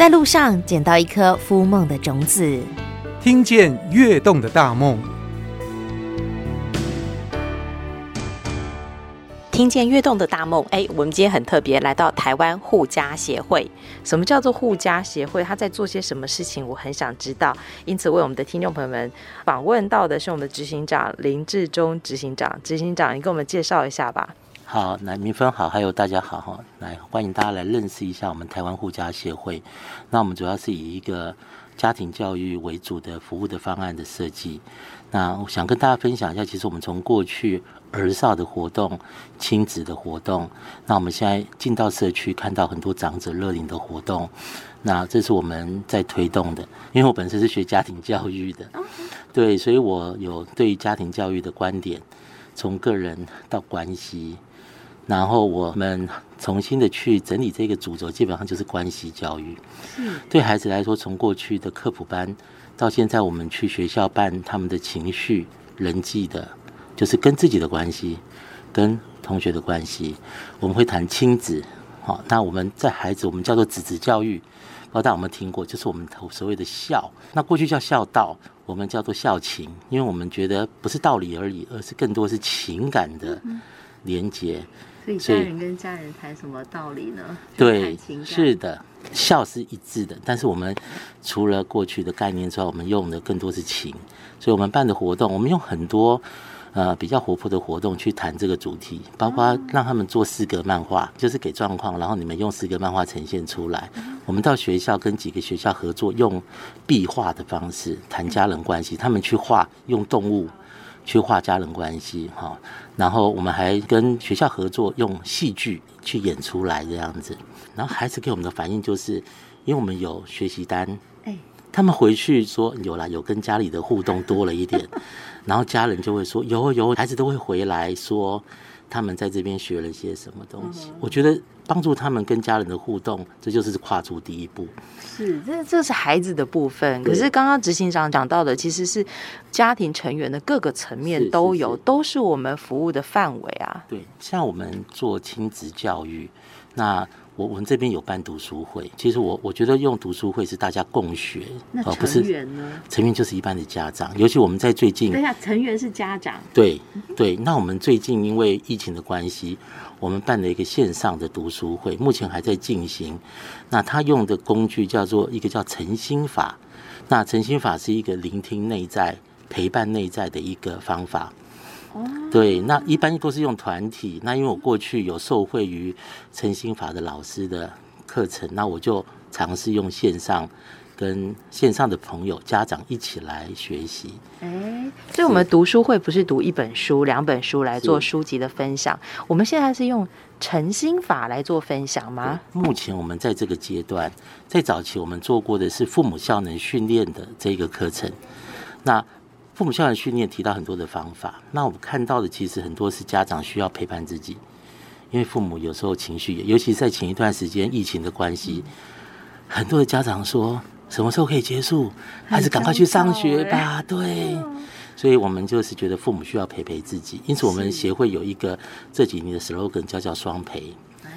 在路上撿到一顆孵夢的種子，聽見躍動的大夢，聽見躍動的大夢。哎，我們今天很特別，來到台灣護家協會。什麼叫做護家協會？他在做些什麼事情？我很想知道。因此，為我們的聽眾朋友們訪問到的是我們的執行長林志忠執行長。執行長，你跟我們介紹一下吧。好，來民芬好，還有大家好哈，來歡迎大家來認識一下我們台灣護家協會。那我們主要是以一個家庭教育為主的服務的方案的設計。那我想跟大家分享一下，其實我們從過去兒少的活動、親子的活動，那我們現在進到社區，看到很多長者樂齡的活動，那這是我們在推動的。因為我本身是學家庭教育的，對，所以我有對於家庭教育的觀點，從個人到關係。然後我們重新的去整理這個主軸，基本上就是關係教育。對孩子來說，從過去的課輔班到現在，我們去學校辦他們的情緒、人際的，就是跟自己的關係，跟同學的關係，我們會談親子。好、哦，那我們在孩子，我們叫做子子教育，不知道大家有沒有聽過？就是我們所謂的孝。那過去叫孝道，我們叫做孝情，因為我們覺得不是道理而已，而是更多是情感的連接。嗯所以家人跟家人談什麼道理呢？以對，對，是的，孝是一致的，但是我們除了過去的概念之外，我們用的更多是情。所以我們辦的活動，我們用很多呃比較活潑的活動去談這個主題，包括讓他們做四格漫畫，就是給狀況，然後你們用四格漫畫呈現出來。我們到學校跟幾個學校合作，用壁畫的方式談家人關係，他們去畫用動物。去畫家人關係，哈，然後我們還跟學校合作，用戲劇去演出來這樣子，然後孩子給我們的反應就是，因為我們有學習單，他們回去說有啦，有跟家裡的互動多了一點， 然後家人就會說有有，孩子都會回來說。他們在這邊學了些什麼東西？我覺得幫助他們跟家人的互動，這就是跨出第一步。是，這這是孩子的部分。對可是剛剛執行長講到的，其實是家庭成員的各個層面都有，是是是，都是我們服務的範圍啊。對，像我們做親子教育。那我我們這邊有辦讀書會，其實我我覺得用讀書會是大家共學，哦、呃、不是成員，成員就是一般的家長，尤其我們在最近，等一下成員是家長，對對，對 那我們最近因為疫情的關係，我們辦了一個線上的讀書會，目前還在進行。那他用的工具叫做一個叫誠心法，那誠心法是一個聆聽內在、陪伴內在的一個方法。對，那一般都是用團體。那因為我過去有受惠於誠心法的老師的課程，那我就嘗試用線上跟線上的朋友、家長一起來學習。欸，所以我們讀書會不是讀一本書、兩是本書來做書籍的分享？是我們現在是用誠心法來做分享嗎？目前我們在這個階段，在早期我們做過的是父母效能訓練的這個課程，那。父母效能訓練提到很多的方法，那我們看到的其實很多是家長需要陪伴自己，因為父母有時候情緒也，尤其是在前一段時間疫情的關係，嗯、很多的家長說什麼時候可以結束，還是趕快去上學吧。欸、對，嗯、所以我們就是覺得父母需要陪陪自己，因此我們協會有一個這幾年的 slogan 叫叫雙陪，是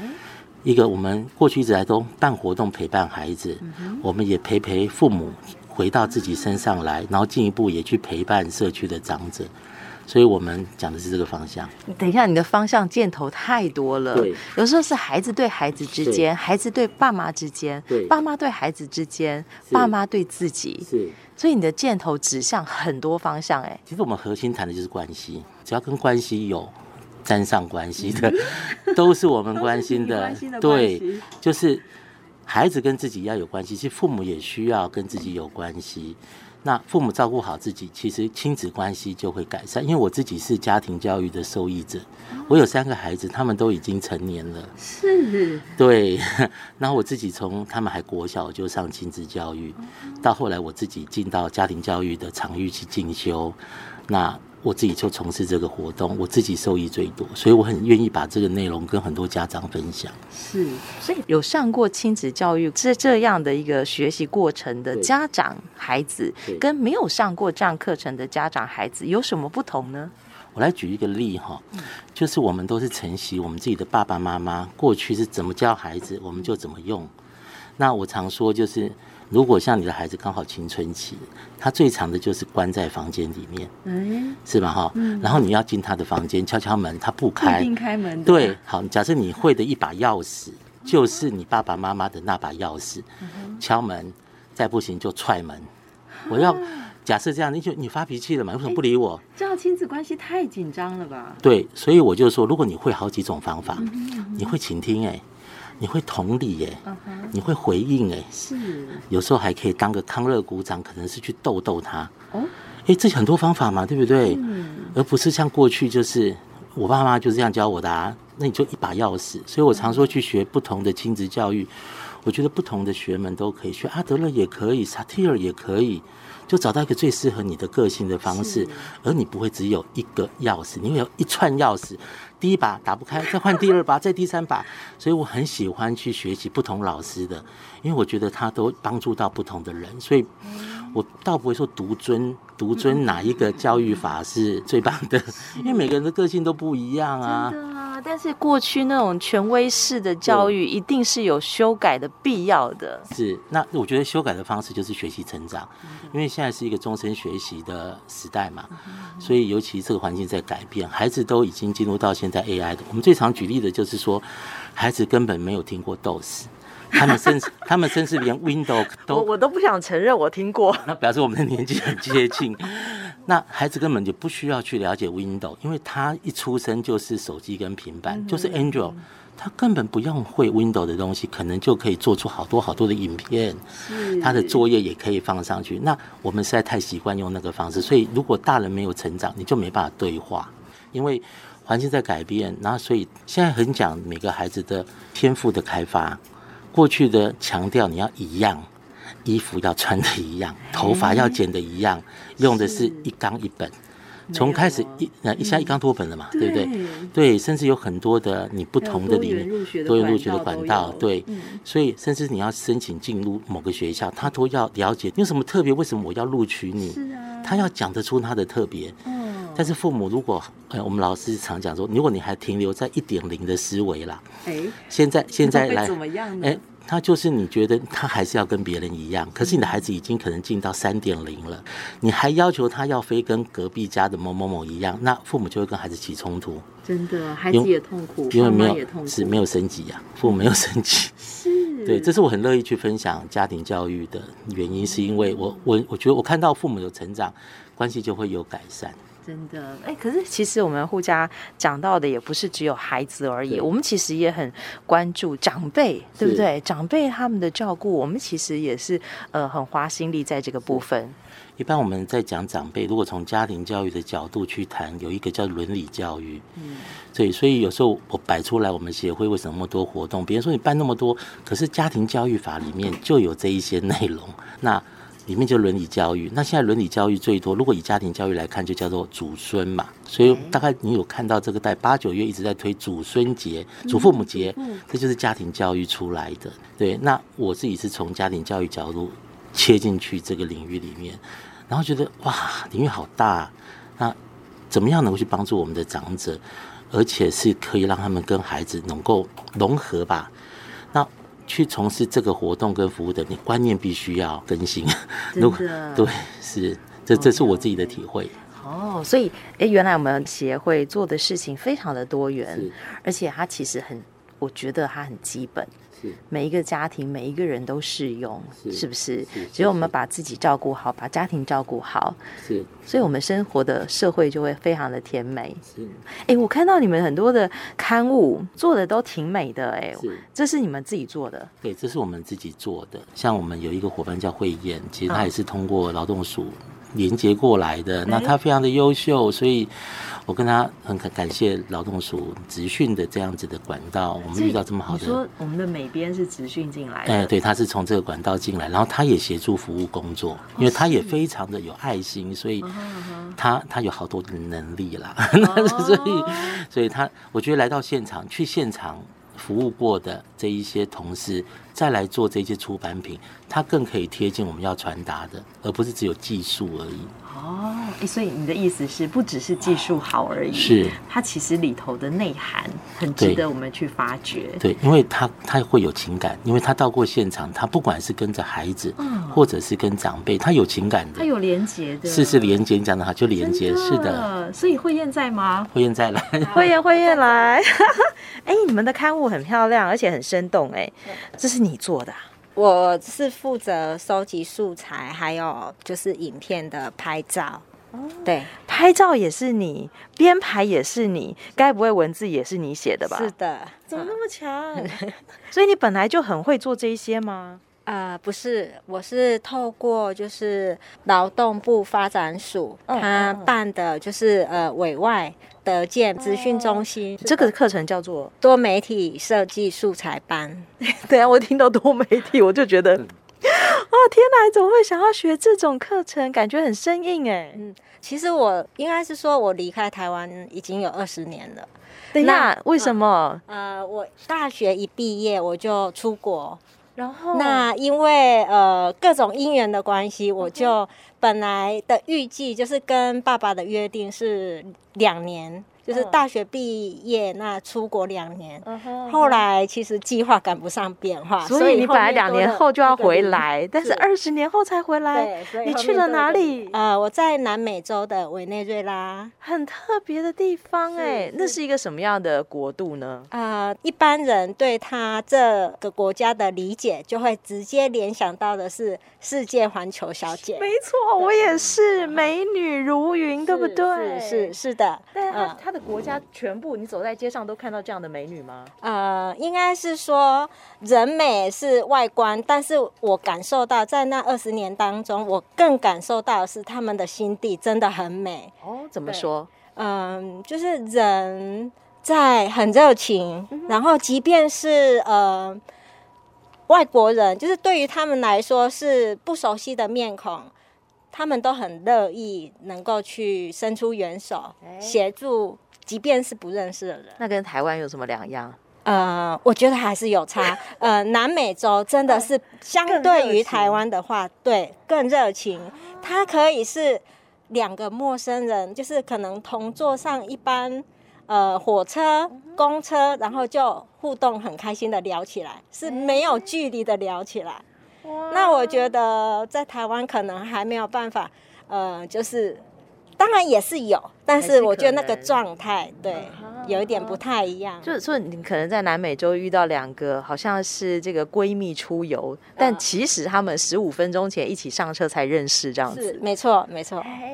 一個我們過去一直在都辦活動陪伴孩子，嗯、哼我們也陪陪父母。回到自己身上來，然後進一步也去陪伴社區的長者，所以我們講的是這個方向。等一下，你的方向箭頭太多了，對有時候是孩子對孩子之間，對孩子對爸媽之間，對爸媽對孩子之間，是爸媽對自己，是所以你的箭頭指向很多方向、欸，哎。其實我們核心談的就是關係，只要跟關係有沾上關係的， 都是我們關心的。對，就是。孩子跟自己要有關係，其實父母也需要跟自己有關係。那父母照顧好自己，其實親子關係就會改善。因為我自己是家庭教育的受益者，我有三個孩子，他們都已經成年了。是。對。然後我自己從他們還國小我就上親子教育，到後來我自己進到家庭教育的場域去進修，那。我自己就從事這個活動，我自己受益最多，所以我很願意把這個內容跟很多家長分享。是，所以有上過親子教育這這樣的一個學習過程的家長孩子，跟沒有上過這樣課程的家長孩子有什麼不同呢？我來舉一個例哈，就是我們都是承襲我們自己的爸爸媽媽過去是怎麼教孩子，我們就怎麼用。那我常說就是。如果像你的孩子剛好青春期，他最常的就是關在房間裡面，欸、嗎嗯，是吧？哈，然後你要進他的房間，敲敲門，他不開，一定開門。對，嗎好，假設你會的一把鑰匙、嗯、哼就是你爸爸媽媽的那把鑰匙，嗯、哼敲門，再不行就踹門。嗯、哼我要假設這樣，你就你發脾氣了嘛？為什麼不理我？欸、這樣親子關係太緊張了吧？對，所以我就說，如果你會好幾種方法，嗯哼嗯哼你會傾聽、欸，哎。你會同理耶，欸，Okay. 你會回應哎，欸，是，有時候還可以當個康樂鼓掌，可能是去逗逗他。哎，哦，這很多方法嘛，對不對？嗯，而不是像過去就是我爸媽就這樣教我的，啊，那你就一把鑰匙。所以我常說去學不同的親子教育，嗯，我覺得不同的學門都可以學，阿德勒也可以，薩提爾也可以，就找到一個最適合你的個性的方式，是而你不會只有一個鑰匙，你會有一串鑰匙。第一把打不開，再換第二把，再第三把。所以我很喜歡去學習不同老師的，因為我覺得他都幫助到不同的人，所以。我倒不會說獨尊獨尊哪一個教育法，是最棒的，因為每個人的個性都不一樣啊。對啊，但是過去那種權威式的教育一定是有修改的必要的。是，那我覺得修改的方式就是學習成長，因為現在是一個終身學習的時代嘛。所以尤其這個環境在改變，孩子都已經進入到現在 AI 的。我們最常舉例的就是說，孩子根本沒有聽過 DOS。 他們甚至，他們甚至連 Windows 都我，我都不想承認我聽過。 那表示我們的年紀很接近。 那孩子根本就不需要去了解 Windows，因為他一出生就是手機跟平板，嗯、就是 Android，他根本不用會 Windows 的東西，可能就可以做出好多好多的影片。是他的作業也可以放上去。那我們實在太習慣用那個方式，所以如果大人沒有成長，你就沒辦法對話，因為環境在改變。然後所以現在很講每個孩子的天賦的開發。過去的強調你要一樣，衣服要穿的一樣，頭髮要剪的一樣，用的是一綱一本，從開始一呃一下一綱多本了嘛，對不對？對，甚至有很多的你不同的裡面都有多元入學的管道，對，所以甚至你要申請進入某個學校，他都要了解你有什麼特別，為什麼我要錄取你？是啊，他要講得出他的特別。但是父母如果，哎、欸，我們老師常講說，如果你還停留在一點零的思維啦，哎、欸，現在現在來，哎、欸，他就是你覺得他還是要跟別人一樣，可是你的孩子已經可能進到三點零了，嗯、你還要求他要非跟隔壁家的某某某一樣，那父母就會跟孩子起衝突，真的，孩子也痛苦，因為沒有，父母也痛苦，是沒有升級呀、啊，父母沒有升級，是對，這是我很樂意去分享家庭教育的原因，是因為我我我覺得我看到父母有成長，關係就會有改善。真的，哎、欸，可是其實我們護家講到的也不是只有孩子而已，對我們其實也很關注長輩，對不對？是長輩他們的照顧，我們其實也是呃很花心力在這個部分。一般我們在講長輩，如果從家庭教育的角度去談，有一個叫倫理教育，嗯，對，所以有時候我擺出來，我們協會為什麼那麼多活動？比如說你辦那麼多，可是家庭教育法裡面就有這一些內容，那。裡面就倫理教育，那現在倫理教育最多，如果以家庭教育來看，就叫做祖孫嘛。所以大概你有看到這個在八九月一直在推祖孫節、祖父母節，嗯嗯、這就是家庭教育出來的。對，那我自己是從家庭教育角度切進去這個領域裡面，然後覺得哇，領域好大啊。那怎麼樣能夠去幫助我們的長者，而且是可以讓他們跟孩子能夠融合吧？那去從事這個活動跟服務的，你觀念必須要更新。真的，如果，對，是，這這是我自己的體會。哦，所以，誒，原來我們協會做的事情非常的多元，是而且它其實很，我覺得它很基本。每一個家庭，每一個人都適用，是,是不是？是是只有我們把自己照顧好，是把家庭照顧好，是，所以，我們生活的社會就會非常的甜美。是，哎、欸，我看到你們很多的刊物做的都挺美的、欸，哎是，這是你們自己做的？對，這是我們自己做的。像我們有一個伙伴叫慧燕，其實她也是通過勞動署、啊。連接過來的，那他非常的優秀，欸、所以我跟他很感謝勞動署職訓的這樣子的管道。欸、我們遇到這麼好的，你說我們的美編是職訓進來的，哎、欸，對，他是從這個管道進來，然後他也協助服務工作，因為他也非常的有愛心，哦、是所以他他有好多的能力啦，哦、 所以所以他我覺得來到現場去現場。服務過的這一些同事，再來做這些出版品，它更可以貼近我們要傳達的，而不是只有技術而已。哦，所以你的意思是，不只是技術好而已，是他其實裡頭的內涵很值得對我們去發掘。對，因為他他會有情感，因為他到過現場，他不管是跟着孩子，嗯、或者是跟長輩，他有情感的，他有連接的，是是連接你講的好，就連接的是的。所以慧燕在嗎？慧燕再來。啊、慧燕慧燕來。哎、 欸，你們的刊物很漂亮，而且很生動、欸，哎、嗯，這是你做的。我是負責收集素材，還有就是影片的拍照。哦、對，拍照也是你，編排也是你，該不會文字也是你寫的吧？是的，嗯、怎麼那麼強、啊？ 所以你本來就很會做這一些嗎？啊、呃，不是，我是透過就是勞動部發展署他、哦、辦的，就是呃委外。德建資訊中心吧這個課程叫做多媒體設計素材班。等下， 我一聽到多媒體，我就覺得，哇、嗯哦，天哪，怎麼會想要學這種課程？感覺很生硬哎、欸。嗯，其實我應該是說，我離開台灣已經有二十年了。呀那為什麼、啊？呃，我大學一畢業我就出國，然後那因為呃各種因緣的關係，我就。本來的預計就是跟爸爸的約定是兩年。就是大學畢業，那出國兩年，後來其實計劃趕不上變化，所以你本來兩年後就要回來，但是二十年後才回來。對，你去了哪裡？呃，我在南美洲的委內瑞拉，很特別的地方哎，那是一個什麼樣的國度呢？呃，一般人對他這個國家的理解，就會直接聯想到的是世界環球小姐，沒錯，我也是美女如雲，對不對？是是的，嗯。的國家全部，你走在街上都看到這樣的美女嗎？呃，應該是說人美是外觀，但是我感受到在那二十年當中，我更感受到的是他們的心地真的很美。哦，怎麼說？嗯、呃，就是人在很熱情，嗯、哼然後即便是呃外國人，就是對於他們來說是不熟悉的面孔。他們都很樂意能夠去伸出援手，協助，即便是不認識的人。那跟台灣有什麼兩樣？呃，我覺得還是有差。呃，南美洲真的是相對於台灣的話，對，更熱情。它可以是兩個陌生人，就是可能同坐上一班呃火車、公車，然後就互動很開心的聊起來，是沒有距離的聊起來。哇，那我覺得在台灣可能還沒有辦法，呃，就是，當然也是有，但是我覺得那個狀態對，嗯、有一點不太一樣。就是說，所以你可能在南美洲遇到兩個好像是這個閨蜜出遊，嗯、但其實他們十五分鐘前一起上車才認識這樣子。是，沒錯，沒錯。哎，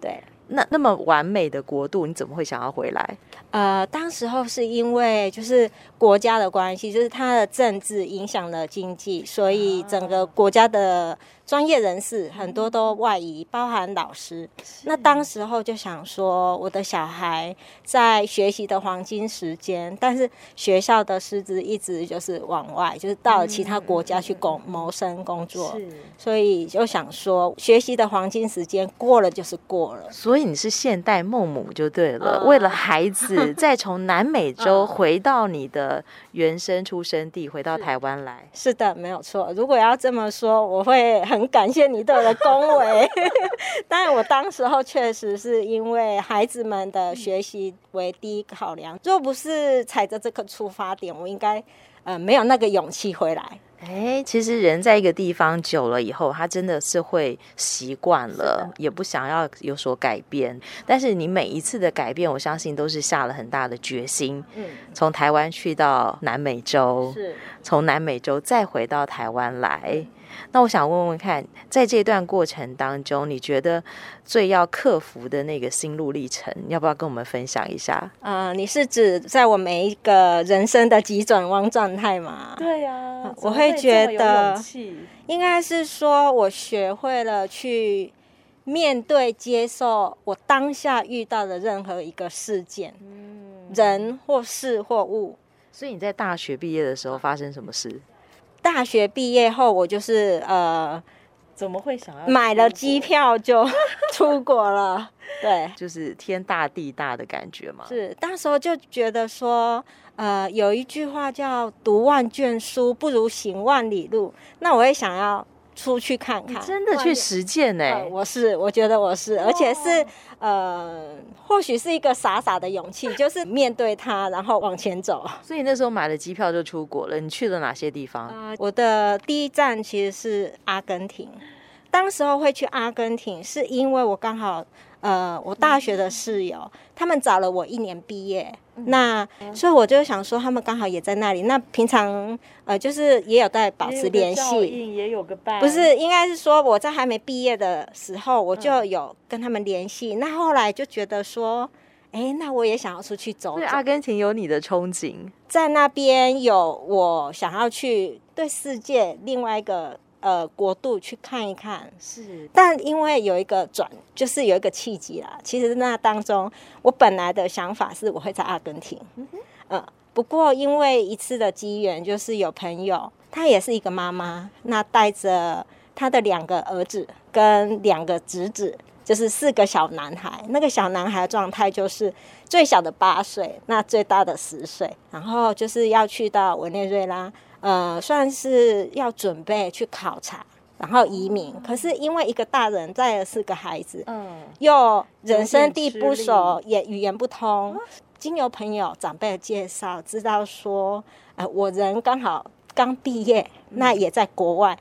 對，那那麼完美的國度，你怎麼會想要回來？呃，當時候是因為就是國家的關係，就是它的政治影響了經濟，所以整個國家的。專業人士很多都外移，嗯、包含老師。是那當時候就想說，我的小孩在學習的黃金時間，但是學校的師資一直就是往外，就是到其他國家去工、嗯、謀生工作。是所以就想說，學習的黃金時間過了就是過了。所以你是現代孟母就對了？嗯、為了孩子、嗯、再從南美洲回到你的原生出生地，嗯、回到台灣來是？是的，沒有錯。如果要這麼說，我會很。很感謝你對我的恭維， 但我當時候確實是因為孩子們的學習為第一考量，如果不是踩着這個出發點，我應該呃沒有那個勇氣回來。哎、欸，其實人在一個地方久了以後，他真的是會習慣了，的也不想要有所改變。但是你每一次的改變，我相信都是下了很大的決心。嗯，從台灣去到南美洲，是，從南美洲再回到台灣來。那我想問問看，在這段過程當中，你覺得最要克服的那個心路歷程，要不要跟我們分享一下？啊、呃，你是指在我每一個人生的急轉彎狀態嗎？對呀、啊，會我會覺得，應該是說，我學會了去面對、接受我當下遇到的任何一個事件、嗯、人或事或物。所以你在大學畢業的時候發生什麼事？大學畢業後，我就是呃，怎麼會想要買了機票就出國了？ 對，就是天大地大的感覺嘛。是，當時候就覺得說，呃，有一句話叫“讀萬卷書不如行萬里路”，那我也想要。出去看看，欸、真的去實踐呢、欸外面呃？我是，我覺得我是，而且是、哦、呃，或許是一個傻傻的勇氣，就是面對它， 然後往前走。所以那時候買了機票就出國了。你去了哪些地方？呃、我的第一站其實是阿根廷。當時候會去阿根廷，是因為我剛好，呃，我大學的室友，嗯、他們找了我一年畢業，嗯、那、嗯、所以我就想說，他們剛好也在那裡，那平常呃，就是也有在保持聯繫，也有個伴。不是，應該是說我在還沒畢業的時候，我就有跟他們聯繫，嗯、那後來就覺得說，哎、欸，那我也想要出去走走。阿根廷有你的憧憬，在那邊有我想要去對世界另外一個。呃，國度去看一看，是。但因為有一個轉，就是有一個契機啦。其實那當中，我本來的想法是我會在阿根廷。嗯哼。呃，不過因為一次的機緣，就是有朋友，她也是一個媽媽，那帶着她的兩個兒子跟兩個侄子。就是四個小男孩，嗯、那個小男孩狀態就是最小的八歲，那最大的十歲，然後就是要去到委內瑞拉，呃，算是要準備去考察，然後移民。嗯、可是因為一個大人帶了四個孩子，嗯，又人生地不熟，嗯、也語言不通，嗯、經由朋友長輩的介紹，知道說，呃，我人剛好剛畢業，嗯、那也在國外。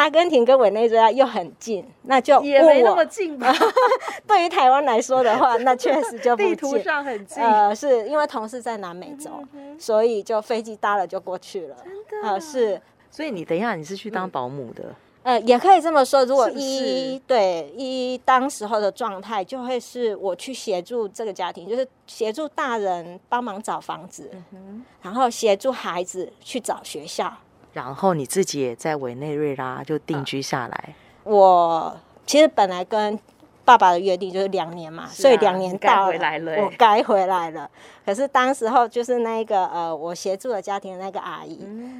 阿根廷跟委內瑞拉又很近，那就我也沒那麼近吧。 對於台灣來說的話，那確實就不近。 地圖上很近。呃，是因為同事在南美洲， 所以就飛機搭了就過去了。真的？呃，是。所以你等一下，你是去當保姆的？嗯？呃，也可以這麼說。如果一是不是？對一當時候的狀態，就會是我去協助這個家庭，就是協助大人幫忙找房子， 然後協助孩子去找學校。然後你自己也在委內瑞拉就定居下來、啊。我其實本來跟爸爸的約定就是兩年嘛，啊、所以兩年到了，該回來了欸、我該回來了。可是當時候就是那個呃，我協助的家庭的那個阿姨，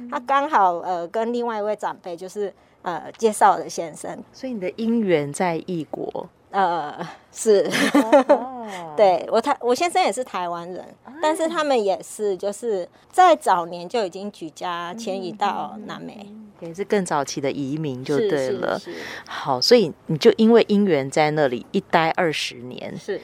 她、嗯、剛好呃跟另外一位長輩就是呃介紹的先生。所以你的姻緣在異國。呃，是，oh. 對我，他我先生也是台灣人，oh. 但是他們也是就是在早年就已經舉家遷、oh. 移到南美，嗯嗯嗯嗯、也是更早期的移民就對了。好，所以你就因為姻緣在那裡一待二十年，是。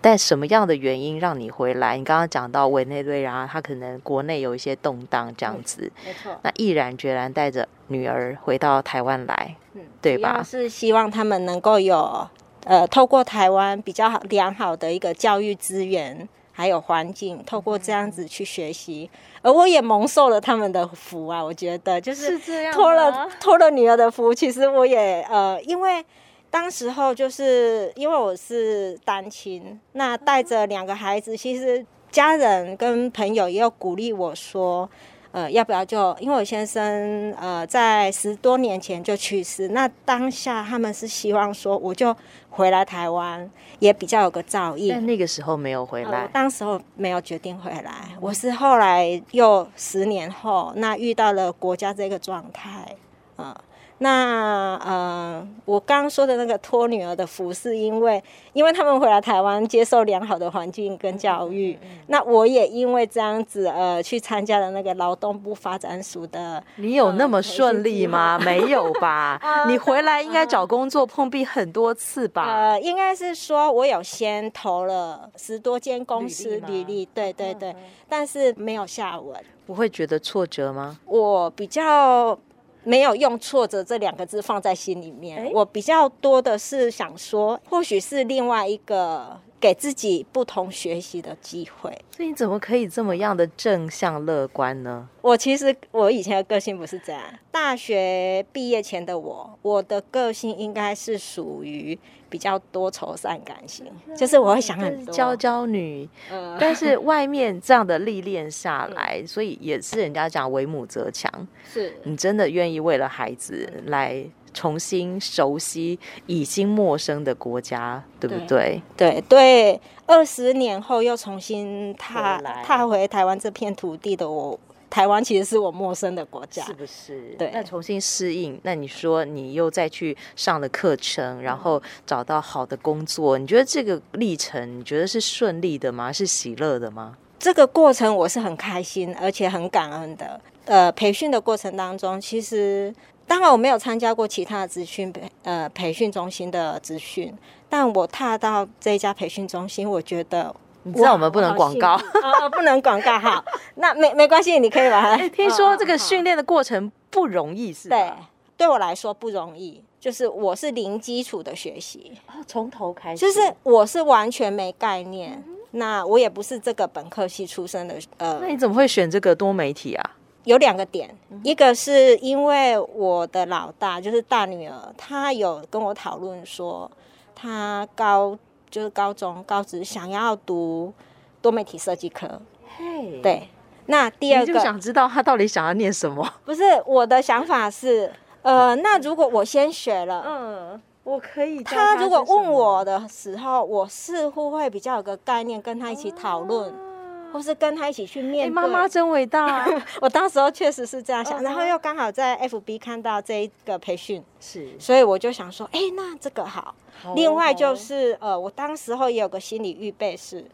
但什麼樣的原因讓你回來？你剛剛講到委內瑞拉，他可能國內有一些動盪這樣子，嗯、沒錯。那毅然決然帶着女兒回到台灣來，嗯、對吧？主要是希望他們能夠有。呃，透過台灣比較良好的一個教育資源，還有環境，透過這樣子去學習，嗯、而我也蒙受了他們的福啊！我覺得就是托了是這樣托了女兒的福。其實我也呃，因為當時候就是因為我是單親，那帶着兩個孩子，嗯、其實家人跟朋友也有鼓勵我說。呃，要不要就因為我先生呃，在十多年前就去世，那當下他們是希望說，我就回來台灣，也比較有個照應。但那個時候沒有回來，呃、我當時候沒有決定回來，我是後來又十年後，那遇到了國家這個狀態，嗯、呃。那呃，我剛剛說的那個託女兒的福，是因為因為他們回來台灣接受良好的環境跟教育。嗯嗯嗯、那我也因為這樣子呃，去參加了那個勞動部發展署的。你有那麼順利嗎？呃、沒有吧？ 啊、你回來應該找工作碰壁很多次吧？呃，應該是說我有先投了十多間公司履歷，履歷，對對對，嗯嗯、但是沒有下文。不會覺得挫折嗎？我比較。沒有用挫折這兩個字放在心裡面，誒我比較多的是想說，或許是另外一個給自己不同學習的機會。所以你怎麼可以這麼樣的正向樂觀呢？我其實我以前的個性不是這樣，大學畢業前的我，我的個性應該是屬於。比較多愁善感型，就是我會想很多嬌嬌、嗯、女，呃、但是外面這樣的歷練下來，嗯、所以也是人家講為母則強，是你真的願意為了孩子來重新熟悉已經陌生的國家，對不對？對對，二十年後又重新踏回來踏回台灣這片土地的我。台灣其實是我陌生的國家，是不是？對，那重新適應，那你說你又再去上了課程，然後找到好的工作，你覺得這個歷程你覺得是順利的嗎？是喜樂的嗎？這個過程我是很開心，而且很感恩的。呃，培訓的過程當中，其實當然我沒有參加過其他的資訊、呃、培呃培訓中心的資訊，但我踏到這一家培訓中心，我覺得。你知道我們不能廣告、 哦、哦，不能廣告哈。 那沒沒關係，你可以來、欸。聽說這個訓練的過程不容易，哦、是吧對，對我來說不容易，就是我是零基礎的學習，從、哦、頭開始，就是我是完全沒概念。嗯、那我也不是這個本科系出身的，呃，那你怎麼會選這個多媒體啊？有兩個點，嗯、哼一個是因為我的老大，就是大女兒，她有跟我討論說，她高。就是高中、高職想要讀多媒體設計科，嘿對。那第二個，你就想知道他到底想要念什麼？不是，我的想法是，呃，嗯、那如果我先學了，嗯，我可以他。他如果問我的時候，我似乎會比較有個概念，跟他一起討論。啊。或是跟他一起去面對、欸，媽媽真偉大。 我當時候確實是這樣想，哦、然後又剛好在 FB 看到這一個培訓，是，所以我就想說，哎、欸，那這個好。哦、另外就是，哦、呃，我當時候也有個心理預備，是，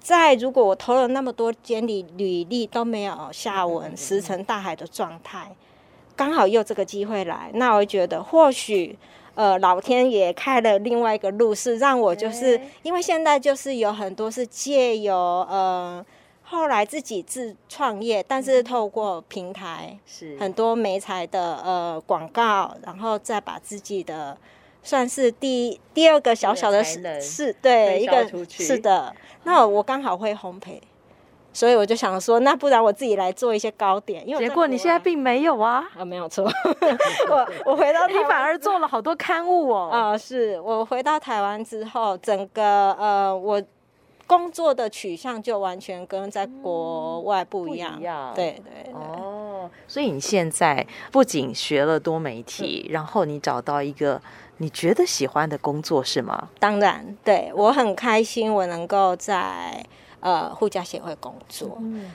在如果我投了那麼多簡歷，履歷都沒有下文，石沉、嗯嗯、大海的狀態，剛好又有這個機會來，那我覺得或許。呃，老天也開了另外一個路，是讓我就是、欸、因為現在就是有很多是借由呃，後來自己自創業，但是透過平台是很多媒材的呃廣告，然後再把自己的算是第第二個小小的是是對一個是的，那我剛好會烘焙。所以我就想說，那不然我自己來做一些糕點。因為結果你現在並沒有啊？啊，沒有錯。 我我回到台灣你反而做了好多刊物哦，喔。啊、嗯，是我回到台灣之後，整個呃，我工作的取向就完全跟在國外不一樣。嗯，一樣對，對對。哦，所以你現在不僅學了多媒體，嗯，然後你找到一個你覺得喜歡的工作是嗎？當然，對我很開心，我能夠在。呃，護家協會工作，嗯，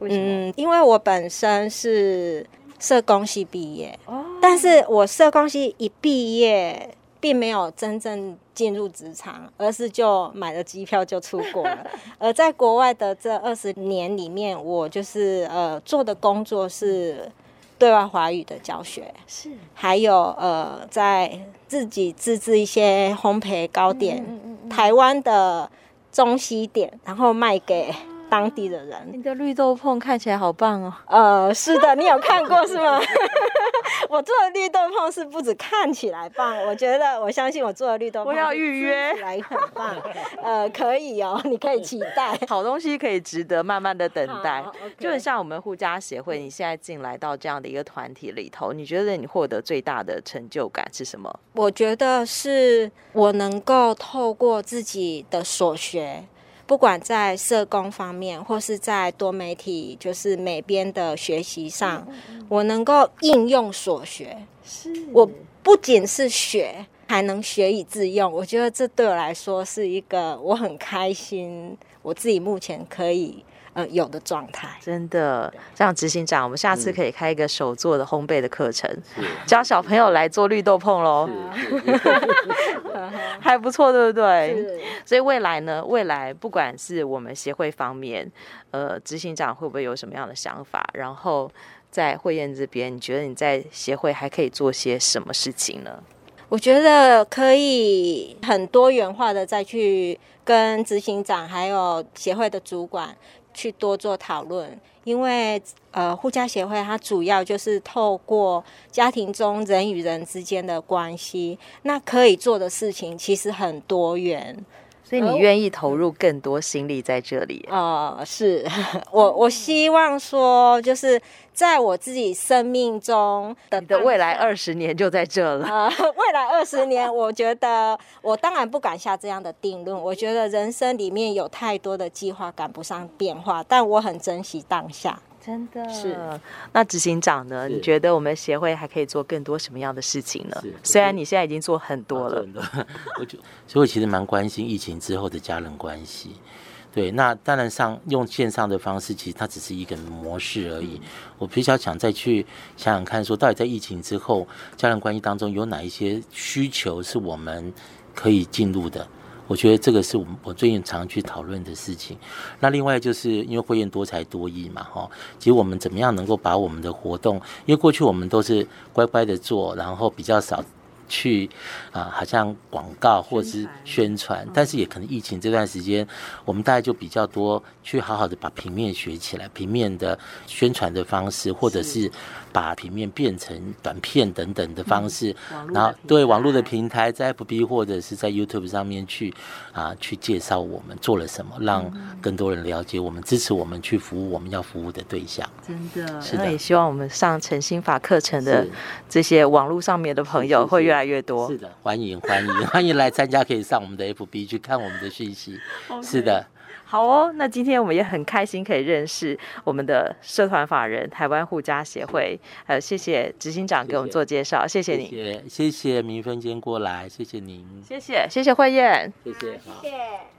嗯，因為我本身是社工系畢業，哦，但是我社工系一畢業，並沒有真正進入職場，而是就買了機票就出國了。 而在國外的這二十年裡面，我就是呃做的工作是對外華語的教學，是，還有呃在自己自制一些烘焙糕點，嗯嗯嗯嗯，台灣的。中西點，然後賣給當地的人。你的綠豆椪看起來好棒哦！呃，是的，你有看過 是嗎？ 我做的綠豆椪是不止看起來棒， 我覺得我相信我做的綠豆椪。我要預約來很棒， 呃，可以哦，你可以期待。 好東西可以值得慢慢的等待，okay、就很像我們護家協會。你現在進來到這樣的一個團體裡頭，嗯、你覺得你獲得最大的成就感是什麼？我覺得是我能夠透過自己的所學。不管在社工方面，或是在多媒體就是美編的學習上，我能夠應用所學，是我不僅是學，還能學以致用。我覺得這對我來說是一個我很開心，我自己目前可以。呃、有的狀態，真的。這樣，執行長，對我們下次可以開一個手做的烘焙的課程，教、嗯、小朋友來做綠豆椪嘍， 還不錯，對不對？是所以未來呢？未來不管是我們協會方面，呃，執行長會不會有什麼樣的想法？然後在惠燕這邊，你覺得你在協會還可以做些什麼事情呢？我覺得可以很多元化的再去跟執行長還有協會的主管去多做討論，因為呃，護家協會它主要就是透過家庭中人與人之間的關係，那可以做的事情其實很多元。所以你願意投入更多心力在這裡啊、哦？是，我我希望說，就是在我自己生命中等的，的未來二十年就在這了、哦。未來二十年，我覺得 我當然不敢下這樣的定論。我覺得人生裡面有太多的計劃趕不上變化，但我很珍惜當下。真的是，那執行長呢？是，你覺得我們協會還可以做更多什麼樣的事情呢？就是、雖然你現在已經做很多了，啊、我就、所以我其實蠻關心疫情之後的家人關係。對，那當然上用線上的方式，其實它只是一個模式而已。我比較想再去想想看說到底在疫情之後，家人關係當中有哪一些需求是我們可以進入的。我覺得這個是我們，我最近常去討論的事情。那另外就是因為會員多才多藝嘛，哈，其實我們怎麼樣能夠把我們的活動，因為過去我們都是乖乖的做，然後比較少。去啊、呃，好像廣告或是宣傳，宣傳但是也可能疫情這段時間，嗯、我們大家就比較多去好好的把平面學起來，平面的宣傳的方式，或者是把平面變成短片等等的方式，嗯、然後對網絡的平台，平台在 FB 或者是在 YouTube 上面去啊去介紹我們做了什麼，讓更多人了解我們，嗯、我們支持我們去服務我們要服務的對象。真的，那的也希望我們上誠心法課程的這些網絡上面的朋友會越來。越來越多，是的，歡迎歡迎 歡迎來參加，可以上我們的 FB 去看我們的訊息。 是的，好哦，那今天我們也很開心可以認識我們的社團法人台灣互家協會，還、呃、有謝謝執行長給我們做介紹，謝謝，謝謝你，謝謝民分監過來，謝謝您，謝謝謝謝慧燕，謝謝，謝謝。